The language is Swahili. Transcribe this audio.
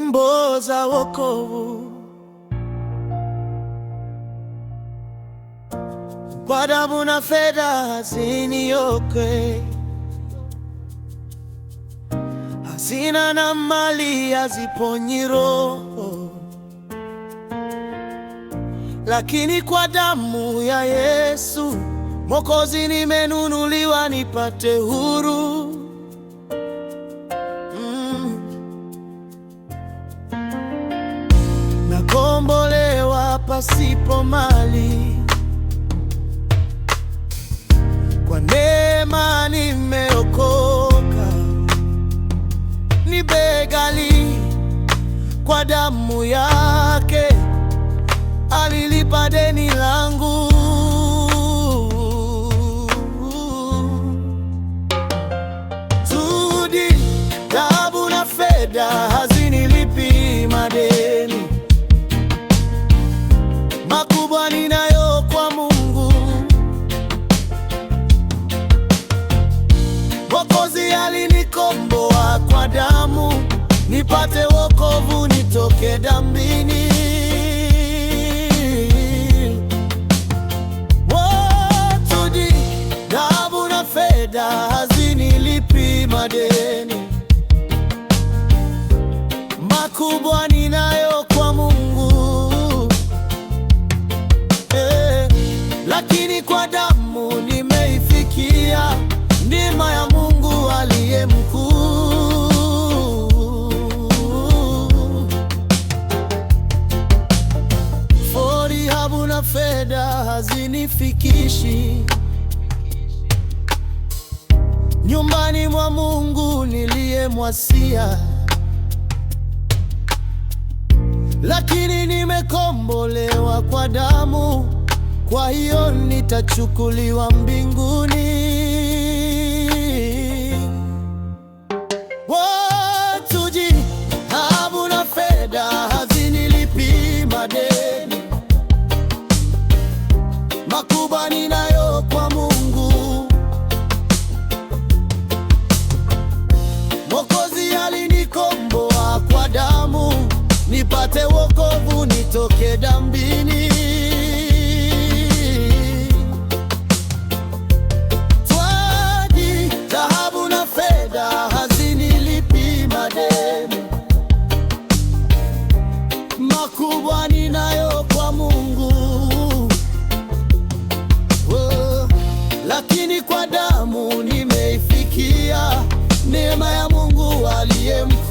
nyimbo za wokovu. Kwa damu na fedha haziniokoe, hazina na mali haziponyi roho, lakini kwa damu ya Yesu Mwokozi nimenunuliwa nipate huru pasipo mali, kwa neema nimeokoka, ni begali kwa damu yake alilipa deni langu. Tudi, dhahabu na fedha mwanadamu, nipate wokovu, nitoke dhambini. Watu, dhahabu na fedha fedha hazinifikishi nyumbani mwa Mungu niliyemwasia, lakini nimekombolewa kwa damu, kwa hiyo nitachukuliwa mbinguni. makubwa ninayo kwa Mungu. Mwokozi alinikomboa kwa damu, nipate wokovu, nitoke dhambini. neema ya Mungu aliyempa